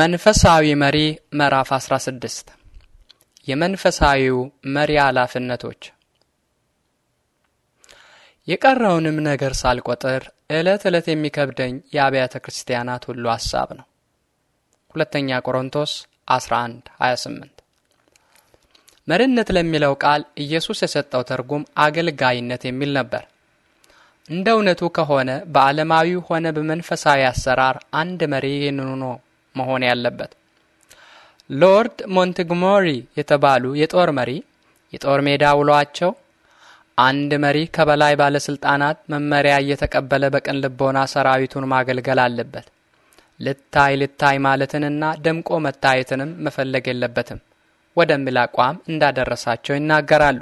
መንፈሳዊ መሪ ምዕራፍ 16 የመንፈሳዊው መሪ ኃላፊነቶች። የቀረውንም ነገር ሳልቆጥር ዕለት ዕለት የሚከብደኝ የአብያተ ክርስቲያናት ሁሉ ሐሳብ ነው። ሁለተኛ ቆሮንቶስ 11 28 መሪነት ለሚለው ቃል ኢየሱስ የሰጠው ትርጉም አገልጋይነት የሚል ነበር። እንደ እውነቱ ከሆነ በዓለማዊ ሆነ በመንፈሳዊ አሰራር አንድ መሪ ይህንኑ ነው መሆን ያለበት። ሎርድ ሞንትጎመሪ የተባሉ የጦር መሪ የጦር ሜዳ ውሏቸው አንድ መሪ ከበላይ ባለስልጣናት መመሪያ እየተቀበለ በቅን ልቦና ሰራዊቱን ማገልገል አለበት። ልታይ ልታይ ማለትንና ደምቆ መታየትንም መፈለግ የለበትም ወደሚል አቋም እንዳደረሳቸው ይናገራሉ።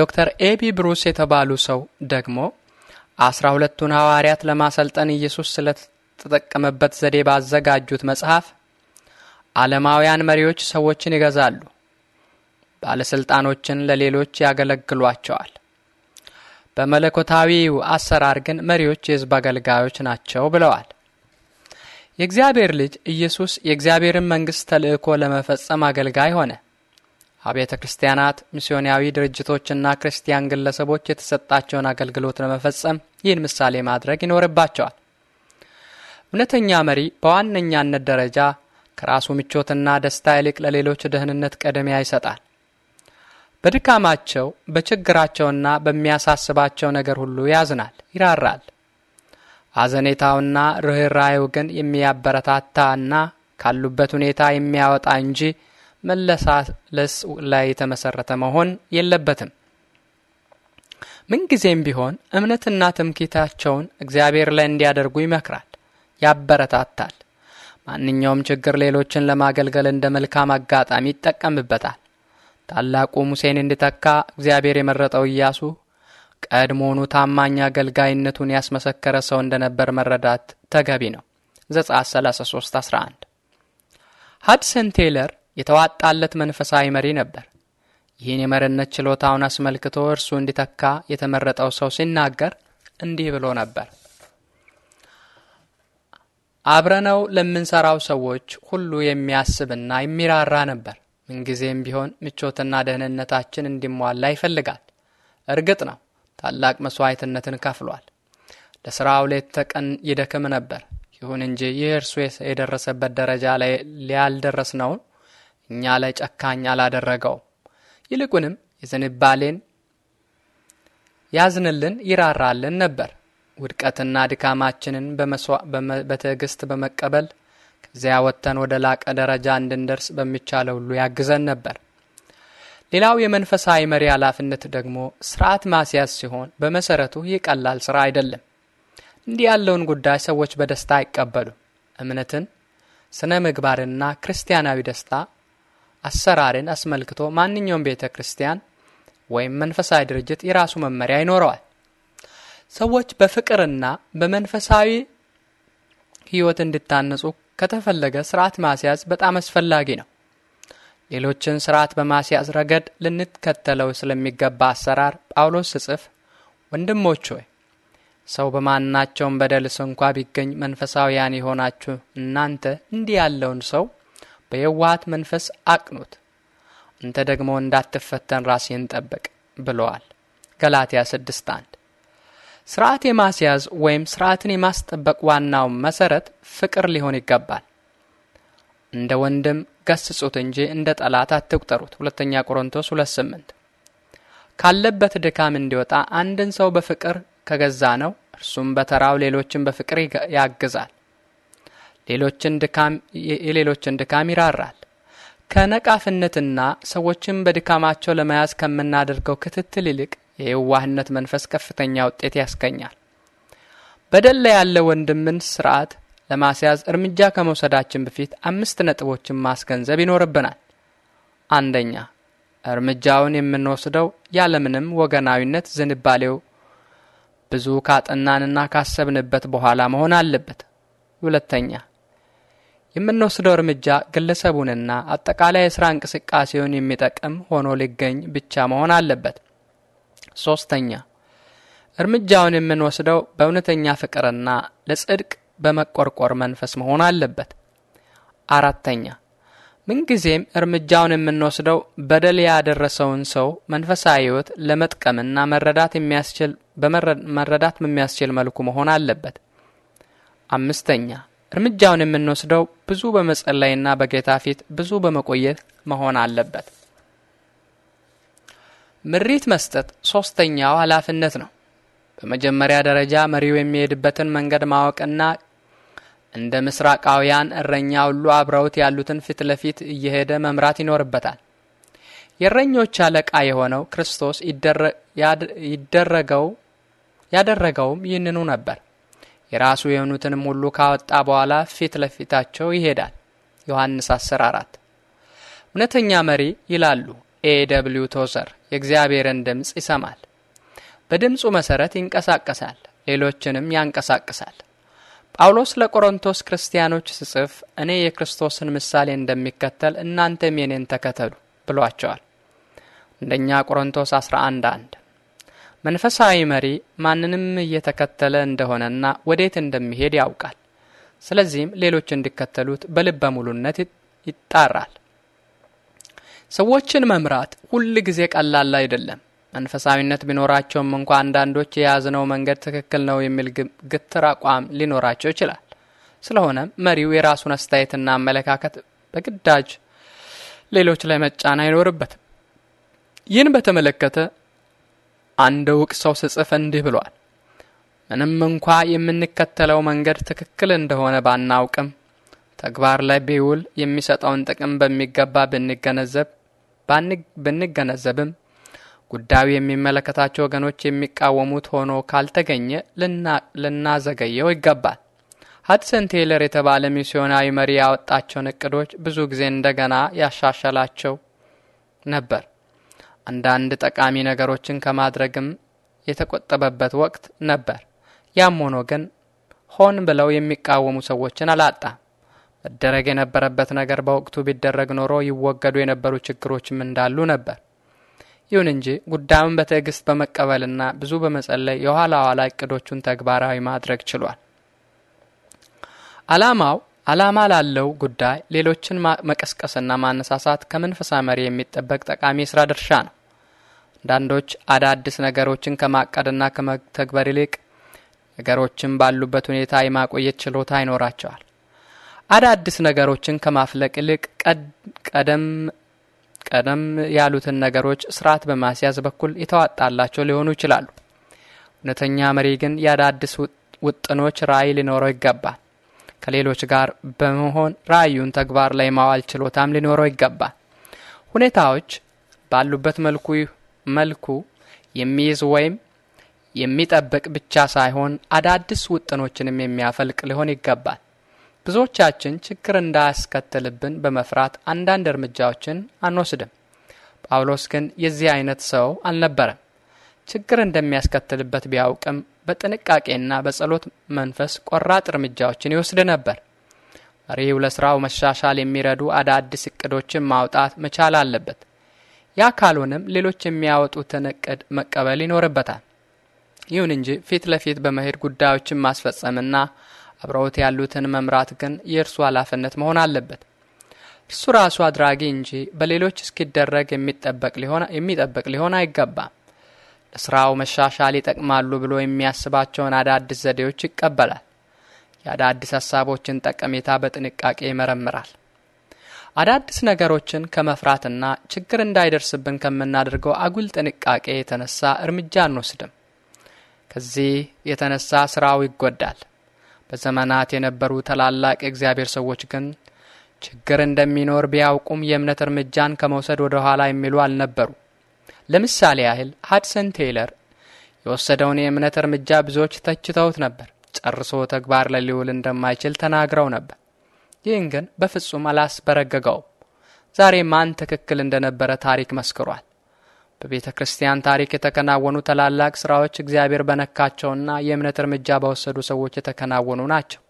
ዶክተር ኤቢ ብሩስ የተባሉ ሰው ደግሞ አስራ ሁለቱን ሐዋርያት ለማሰልጠን ኢየሱስ የተጠቀመበት ዘዴ ባዘጋጁት መጽሐፍ ዓለማውያን መሪዎች ሰዎችን ይገዛሉ፣ ባለሥልጣኖችን ለሌሎች ያገለግሏቸዋል። በመለኮታዊው አሰራር ግን መሪዎች የሕዝብ አገልጋዮች ናቸው ብለዋል። የእግዚአብሔር ልጅ ኢየሱስ የእግዚአብሔርን መንግሥት ተልእኮ ለመፈጸም አገልጋይ ሆነ። አብያተ ክርስቲያናት፣ ሚስዮናዊ ድርጅቶችና ክርስቲያን ግለሰቦች የተሰጣቸውን አገልግሎት ለመፈጸም ይህን ምሳሌ ማድረግ ይኖርባቸዋል። እውነተኛ መሪ በዋነኛነት ደረጃ ከራሱ ምቾትና ደስታ ይልቅ ለሌሎች ደህንነት ቀደሚያ ይሰጣል። በድካማቸው በችግራቸውና በሚያሳስባቸው ነገር ሁሉ ያዝናል፣ ይራራል። አዘኔታውና ርኅራዩ ግን የሚያበረታታና ካሉበት ሁኔታ የሚያወጣ እንጂ መለሳለስ ላይ የተመሰረተ መሆን የለበትም። ምንጊዜም ቢሆን እምነትና ትምክህታቸውን እግዚአብሔር ላይ እንዲያደርጉ ይመክራል። ያበረታታል። ማንኛውም ችግር ሌሎችን ለማገልገል እንደ መልካም አጋጣሚ ይጠቀምበታል። ታላቁ ሙሴን እንዲተካ እግዚአብሔር የመረጠው ኢያሱ ቀድሞውኑ ታማኝ አገልጋይነቱን ያስመሰከረ ሰው እንደነበር መረዳት ተገቢ ነው። ዘጸአት 33 11 ሀድሰን ቴለር የተዋጣለት መንፈሳዊ መሪ ነበር። ይህን የመሪነት ችሎታውን አስመልክቶ እርሱ እንዲተካ የተመረጠው ሰው ሲናገር እንዲህ ብሎ ነበር። አብረነው ለምንሰራው ሰዎች ሁሉ የሚያስብና የሚራራ ነበር። ምንጊዜም ቢሆን ምቾትና ደህንነታችን እንዲሟላ ይፈልጋል። እርግጥ ነው ታላቅ መሥዋዕትነትን ከፍሏል። ለሥራው ሌት ተቀን ይደክም ነበር። ይሁን እንጂ ይህ እርሱ የደረሰበት ደረጃ ላይ ያልደረስነውን እኛ ላይ ጨካኝ አላደረገው! ይልቁንም የዝንባሌን ያዝንልን፣ ይራራልን ነበር። ውድቀትና ድካማችንን በትዕግስት በመቀበል ከዚያ ወጥተን ወደ ላቀ ደረጃ እንድንደርስ በሚቻለው ሁሉ ያግዘን ነበር። ሌላው የመንፈሳዊ መሪ ኃላፊነት ደግሞ ስርዓት ማስያዝ ሲሆን በመሰረቱ ይህ ቀላል ስራ አይደለም። እንዲህ ያለውን ጉዳይ ሰዎች በደስታ አይቀበሉ። እምነትን፣ ስነ ምግባርና ክርስቲያናዊ ደስታ አሰራርን አስመልክቶ ማንኛውም ቤተ ክርስቲያን ወይም መንፈሳዊ ድርጅት የራሱ መመሪያ ይኖረዋል። ሰዎች በፍቅርና በመንፈሳዊ ህይወት እንዲታነጹ ከተፈለገ ስርዓት ማስያዝ በጣም አስፈላጊ ነው። ሌሎችን ስርዓት በማስያዝ ረገድ ልንከተለው ስለሚገባ አሰራር ጳውሎስ ስጽፍ፣ ወንድሞች ሆይ ሰው በማናቸውም በደልስ እንኳ ቢገኝ መንፈሳውያን የሆናችሁ እናንተ እንዲህ ያለውን ሰው በየዋሃት መንፈስ አቅኑት፣ አንተ ደግሞ እንዳትፈተን ራስህን ጠብቅ ብለዋል። ገላትያ 6 1 ስርዓት የማስያዝ ወይም ስርዓትን የማስጠበቅ ዋናው መሰረት ፍቅር ሊሆን ይገባል። እንደ ወንድም ገስጹት እንጂ እንደ ጠላት አትቁጠሩት። ሁለተኛ ቆሮንቶስ 2፥8 ካለበት ድካም እንዲወጣ አንድን ሰው በፍቅር ከገዛ ነው እርሱም በተራው ሌሎችን በፍቅር ያግዛል። ሌሎችን ድካም የሌሎችን ድካም ይራራል። ከነቃፍነትና ሰዎችን በድካማቸው ለመያዝ ከምናደርገው ክትትል ይልቅ የየዋህነት መንፈስ ከፍተኛ ውጤት ያስገኛል። በደል ላይ ያለ ወንድምን ስርዓት ለማስያዝ እርምጃ ከመውሰዳችን በፊት አምስት ነጥቦችን ማስገንዘብ ይኖርብናል። አንደኛ፣ እርምጃውን የምንወስደው ያለምንም ወገናዊነት ዝንባሌው ብዙ ካጠናንና ካሰብንበት በኋላ መሆን አለበት። ሁለተኛ፣ የምንወስደው እርምጃ ግለሰቡንና አጠቃላይ የሥራ እንቅስቃሴውን የሚጠቅም ሆኖ ሊገኝ ብቻ መሆን አለበት። ሶስተኛ እርምጃውን የምንወስደው በእውነተኛ ፍቅርና ለጽድቅ በመቆርቆር መንፈስ መሆን አለበት። አራተኛ ምንጊዜም እርምጃውን የምንወስደው በደል ያደረሰውን ሰው መንፈሳዊ ሕይወት ለመጥቀምና መረዳት የሚያስችል በመረዳት በሚያስችል መልኩ መሆን አለበት። አምስተኛ እርምጃውን የምንወስደው ብዙ በመጸለይና በጌታ ፊት ብዙ በመቆየት መሆን አለበት። ምሪት መስጠት ሶስተኛው ኃላፊነት ነው። በመጀመሪያ ደረጃ መሪው የሚሄድበትን መንገድ ማወቅና እንደ ምስራቃውያን እረኛ ሁሉ አብረውት ያሉትን ፊት ለፊት እየሄደ መምራት ይኖርበታል። የእረኞች አለቃ የሆነው ክርስቶስ ይደረገው ያደረገውም ይህንኑ ነበር። የራሱ የሆኑትንም ሁሉ ካወጣ በኋላ ፊት ለፊታቸው ይሄዳል። ዮሐንስ 14 እውነተኛ መሪ ይላሉ ኤ ቶዘር የእግዚአብሔርን ድምፅ ይሰማል። በድምፁ መሠረት ይንቀሳቀሳል፣ ሌሎችንም ያንቀሳቅሳል። ጳውሎስ ለቆሮንቶስ ክርስቲያኖች ስጽፍ እኔ የክርስቶስን ምሳሌ እንደሚከተል እናንተም የኔን ተከተሉ ብሏቸዋል። አንደኛ ቆሮንቶስ 11፥1 መንፈሳዊ መሪ ማንንም እየተከተለ እንደሆነና ወዴት እንደሚሄድ ያውቃል። ስለዚህም ሌሎች እንዲከተሉት በልበ ሙሉነት ይጣራል። ሰዎችን መምራት ሁል ጊዜ ቀላል አይደለም። መንፈሳዊነት ቢኖራቸውም እንኳ አንዳንዶች የያዝነው መንገድ ትክክል ነው የሚል ግትር አቋም ሊኖራቸው ይችላል። ስለሆነም መሪው የራሱን አስተያየትና አመለካከት በግዳጅ ሌሎች ላይ መጫን አይኖርበትም። ይህን በተመለከተ አንድ እውቅ ሰው ስጽፍ እንዲህ ብሏል። ምንም እንኳ የምንከተለው መንገድ ትክክል እንደሆነ ባናውቅም ተግባር ላይ ቢውል የሚሰጠውን ጥቅም በሚገባ ብንገነዘብ ብንገነዘብም ጉዳዩ የሚመለከታቸው ወገኖች የሚቃወሙት ሆኖ ካልተገኘ ልናዘገየው ይገባል። ሀድሰን ቴይለር የተባለ ሚስዮናዊ መሪ ያወጣቸውን እቅዶች ብዙ ጊዜ እንደገና ያሻሸላቸው ነበር። አንዳንድ ጠቃሚ ነገሮችን ከማድረግም የተቆጠበበት ወቅት ነበር። ያም ሆኖ ግን ሆን ብለው የሚቃወሙ ሰዎችን አላጣም። መደረግ የነበረበት ነገር በወቅቱ ቢደረግ ኖሮ ይወገዱ የነበሩ ችግሮችም እንዳሉ ነበር። ይሁን እንጂ ጉዳዩን በትዕግስት በመቀበልና ብዙ በመጸለይ የኋላ ኋላ እቅዶቹን ተግባራዊ ማድረግ ችሏል። አላማው አላማ ላለው ጉዳይ ሌሎችን መቀስቀስና ማነሳሳት ከመንፈሳዊ መሪ የሚጠበቅ ጠቃሚ የስራ ድርሻ ነው። አንዳንዶች አዳዲስ ነገሮችን ከማቀድና ከመተግበር ይልቅ ነገሮችን ባሉበት ሁኔታ የማቆየት ችሎታ ይኖራቸዋል። አዳዲስ ነገሮችን ከማፍለቅ ይልቅ ቀደም ቀደም ያሉትን ነገሮች ስርዓት በማስያዝ በኩል የተዋጣላቸው ሊሆኑ ይችላሉ። እውነተኛ መሪ ግን የአዳዲስ ውጥኖች ራዕይ ሊኖረው ይገባል። ከሌሎች ጋር በመሆን ራዕዩን ተግባር ላይ ማዋል ችሎታም ሊኖረው ይገባል። ሁኔታዎች ባሉበት መልኩ መልኩ የሚይዝ ወይም የሚጠብቅ ብቻ ሳይሆን አዳዲስ ውጥኖችንም የሚያፈልቅ ሊሆን ይገባል። ብዙዎቻችን ችግር እንዳያስከትልብን በመፍራት አንዳንድ እርምጃዎችን አንወስድም። ጳውሎስ ግን የዚህ አይነት ሰው አልነበረም። ችግር እንደሚያስከትልበት ቢያውቅም በጥንቃቄና በጸሎት መንፈስ ቆራጥ እርምጃዎችን ይወስድ ነበር። መሪው ለሥራው መሻሻል የሚረዱ አዳዲስ እቅዶችን ማውጣት መቻል አለበት። ያ ካልሆነም ሌሎች የሚያወጡትን እቅድ መቀበል ይኖርበታል። ይሁን እንጂ ፊት ለፊት በመሄድ ጉዳዮችን ማስፈጸምና አብረውት ያሉትን መምራት ግን የእርሱ ኃላፊነት መሆን አለበት። እርሱ ራሱ አድራጊ እንጂ በሌሎች እስኪደረግ የሚጠበቅ ሊሆን አይገባም። ለስራው መሻሻል ይጠቅማሉ ብሎ የሚያስባቸውን አዳዲስ ዘዴዎች ይቀበላል። የአዳዲስ ሀሳቦችን ጠቀሜታ በጥንቃቄ ይመረምራል። አዳዲስ ነገሮችን ከመፍራትና ችግር እንዳይደርስብን ከምናደርገው አጉል ጥንቃቄ የተነሳ እርምጃ አንወስድም። ከዚህ የተነሳ ስራው ይጎዳል። በዘመናት የነበሩ ታላላቅ የእግዚአብሔር ሰዎች ግን ችግር እንደሚኖር ቢያውቁም የእምነት እርምጃን ከመውሰድ ወደ ኋላ የሚሉ አልነበሩ። ለምሳሌ ያህል ሀድሰን ቴይለር የወሰደውን የእምነት እርምጃ ብዙዎች ተችተውት ነበር። ጨርሶ ተግባር ላይ ሊውል እንደማይችል ተናግረው ነበር። ይህን ግን በፍጹም አላስበረገገውም። ዛሬ ማን ትክክል እንደነበረ ታሪክ መስክሯል። በቤተ ክርስቲያን ታሪክ የተከናወኑ ታላላቅ ስራዎች እግዚአብሔር በነካቸውና የእምነት እርምጃ በወሰዱ ሰዎች የተከናወኑ ናቸው።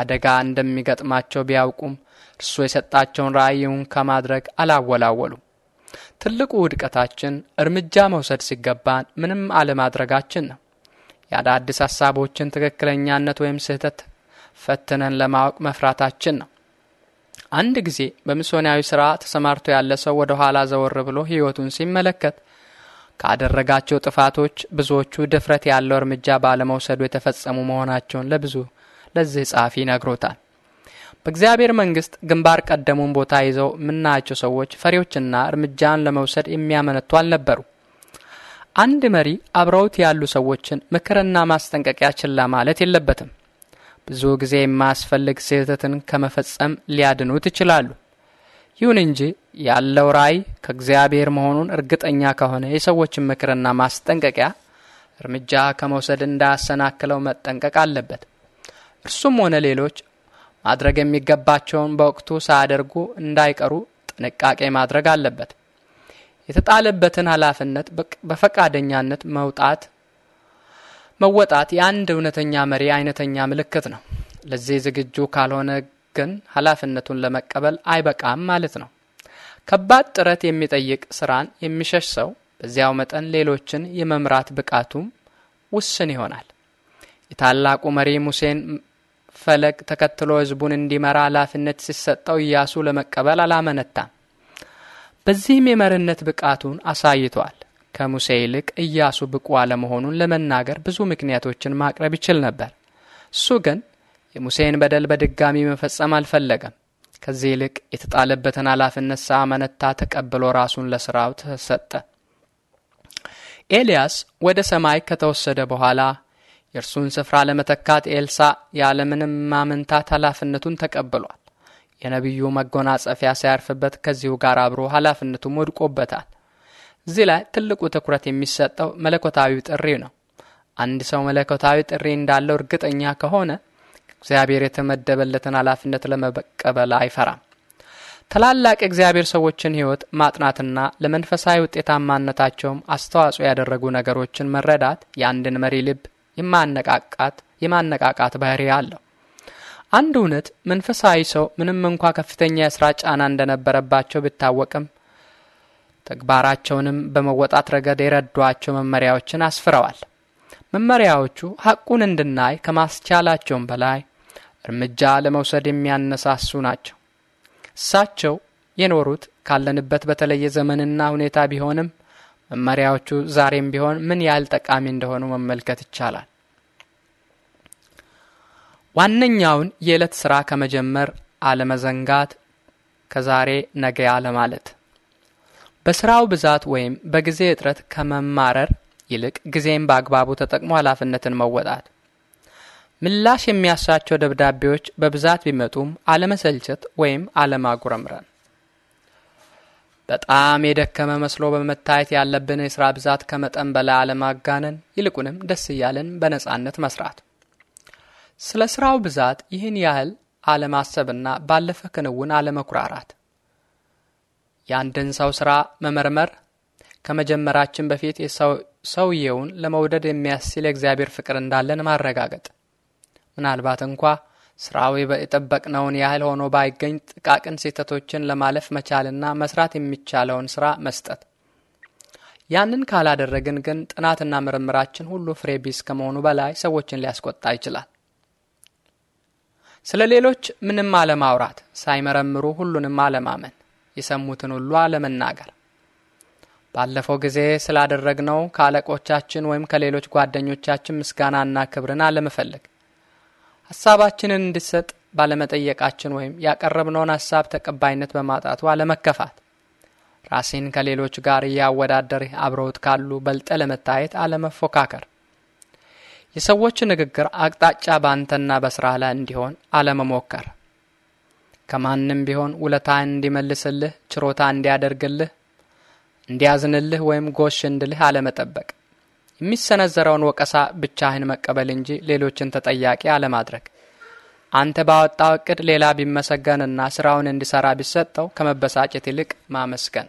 አደጋ እንደሚገጥማቸው ቢያውቁም እርሱ የሰጣቸውን ራእይውን ከማድረግ አላወላወሉም። ትልቁ ውድቀታችን እርምጃ መውሰድ ሲገባን ምንም አለማድረጋችን ነው። የአዳዲስ ሀሳቦችን ትክክለኛነት ወይም ስህተት ፈትነን ለማወቅ መፍራታችን ነው። አንድ ጊዜ በምስዮናዊ ሥራ ተሰማርቶ ያለ ሰው ወደ ኋላ ዘወር ብሎ ሕይወቱን ሲመለከት ካደረጋቸው ጥፋቶች ብዙዎቹ ድፍረት ያለው እርምጃ ባለመውሰዱ የተፈጸሙ መሆናቸውን ለብዙ ለዚህ ጸሐፊ ይነግሮታል። በእግዚአብሔር መንግሥት ግንባር ቀደሙን ቦታ ይዘው የምናያቸው ሰዎች ፈሪዎችና እርምጃን ለመውሰድ የሚያመነቱ አልነበሩ። አንድ መሪ አብረውት ያሉ ሰዎችን ምክርና ማስጠንቀቂያ ችላ ማለት የለበትም። ብዙ ጊዜ የማያስፈልግ ስህተትን ከመፈጸም ሊያድኑት ይችላሉ። ይሁን እንጂ ያለው ራእይ ከእግዚአብሔር መሆኑን እርግጠኛ ከሆነ የሰዎችን ምክርና ማስጠንቀቂያ እርምጃ ከመውሰድ እንዳያሰናክለው መጠንቀቅ አለበት። እርሱም ሆነ ሌሎች ማድረግ የሚገባቸውን በወቅቱ ሳያደርጉ እንዳይቀሩ ጥንቃቄ ማድረግ አለበት። የተጣለበትን ኃላፊነት በፈቃደኛነት መውጣት መወጣት የአንድ እውነተኛ መሪ አይነተኛ ምልክት ነው። ለዚህ ዝግጁ ካልሆነ ግን ኃላፊነቱን ለመቀበል አይበቃም ማለት ነው። ከባድ ጥረት የሚጠይቅ ስራን የሚሸሽ ሰው በዚያው መጠን ሌሎችን የመምራት ብቃቱም ውስን ይሆናል። የታላቁ መሪ ሙሴን ፈለግ ተከትሎ ህዝቡን እንዲመራ ኃላፊነት ሲሰጠው ኢያሱ ለመቀበል አላመነታም። በዚህም የመሪነት ብቃቱን አሳይቷል። ከሙሴ ይልቅ ኢያሱ ብቁ አለመሆኑን ለመናገር ብዙ ምክንያቶችን ማቅረብ ይችል ነበር። እሱ ግን የሙሴን በደል በድጋሚ መፈጸም አልፈለገም። ከዚህ ይልቅ የተጣለበትን ኃላፊነት ሳመነታ ተቀብሎ ራሱን ለሥራው ተሰጠ። ኤልያስ ወደ ሰማይ ከተወሰደ በኋላ የእርሱን ስፍራ ለመተካት ኤልሳ ያለምንም ማመንታት ኃላፊነቱን ተቀብሏል። የነቢዩ መጎናጸፊያ ሲያርፍበት ከዚሁ ጋር አብሮ ኃላፊነቱም ወድቆበታል። እዚህ ላይ ትልቁ ትኩረት የሚሰጠው መለኮታዊ ጥሪ ነው። አንድ ሰው መለኮታዊ ጥሪ እንዳለው እርግጠኛ ከሆነ እግዚአብሔር የተመደበለትን ኃላፊነት ለመቀበል አይፈራም። ታላላቅ የእግዚአብሔር ሰዎችን ሕይወት ማጥናትና ለመንፈሳዊ ውጤታማነታቸውም አስተዋጽኦ ያደረጉ ነገሮችን መረዳት የአንድን መሪ ልብ የማነቃቃት የማነቃቃት ባህሪ አለው። አንድ እውነት መንፈሳዊ ሰው ምንም እንኳ ከፍተኛ የስራ ጫና እንደነበረባቸው ቢታወቅም ተግባራቸውንም በመወጣት ረገድ የረዷቸው መመሪያዎችን አስፍረዋል። መመሪያዎቹ ሐቁን እንድናይ ከማስቻላቸውም በላይ እርምጃ ለመውሰድ የሚያነሳሱ ናቸው። እሳቸው የኖሩት ካለንበት በተለየ ዘመንና ሁኔታ ቢሆንም መመሪያዎቹ ዛሬም ቢሆን ምን ያህል ጠቃሚ እንደሆኑ መመልከት ይቻላል። ዋነኛውን የዕለት ሥራ ከመጀመር አለመዘንጋት፣ ከዛሬ ነገ አለማለት በስራው ብዛት ወይም በጊዜ እጥረት ከመማረር ይልቅ ጊዜን በአግባቡ ተጠቅሞ ኃላፊነትን መወጣት። ምላሽ የሚያሳቸው ደብዳቤዎች በብዛት ቢመጡም አለመሰልቸት ወይም አለማጉረምረም። በጣም የደከመ መስሎ በመታየት ያለብን የስራ ብዛት ከመጠን በላይ አለማጋነን፣ ይልቁንም ደስ እያለን በነጻነት መስራት። ስለ ስራው ብዛት ይህን ያህል አለማሰብና ባለፈ ክንውን አለመኩራራት የአንድን ሰው ሥራ መመርመር ከመጀመራችን በፊት ሰውየውን ለመውደድ የሚያስችል የእግዚአብሔር ፍቅር እንዳለን ማረጋገጥ ምናልባት እንኳ ስራው የጠበቅነውን ያህል ሆኖ ባይገኝ ጥቃቅን ስህተቶችን ለማለፍ መቻልና መስራት የሚቻለውን ስራ መስጠት። ያንን ካላደረግን ግን ጥናትና ምርምራችን ሁሉ ፍሬ ቢስ ከመሆኑ በላይ ሰዎችን ሊያስቆጣ ይችላል። ስለ ሌሎች ምንም አለማውራት፣ ሳይመረምሩ ሁሉንም አለማመን፣ የሰሙትን ሁሉ አለመናገር። ባለፈው ጊዜ ስላደረግነው ከአለቆቻችን ወይም ከሌሎች ጓደኞቻችን ምስጋናና ክብርን አለመፈለግ፣ ሀሳባችንን እንዲሰጥ ባለመጠየቃችን ወይም ያቀረብነውን ሀሳብ ተቀባይነት በማጣቱ አለመከፋት፣ ራሴን ከሌሎች ጋር እያወዳደር አብረውት ካሉ በልጠ ለመታየት አለመፎካከር፣ የሰዎች ንግግር አቅጣጫ በአንተና በስራ ላይ እንዲሆን አለመሞከር። ከማንም ቢሆን ውለታ እንዲመልስልህ ችሮታ እንዲያደርግልህ እንዲያዝንልህ ወይም ጎሽ እንድልህ አለመጠበቅ፣ የሚሰነዘረውን ወቀሳ ብቻህን መቀበል እንጂ ሌሎችን ተጠያቂ አለማድረግ፣ አንተ ባወጣው እቅድ ሌላ ቢመሰገንና ስራውን እንዲሰራ ቢሰጠው ከመበሳጨት ይልቅ ማመስገን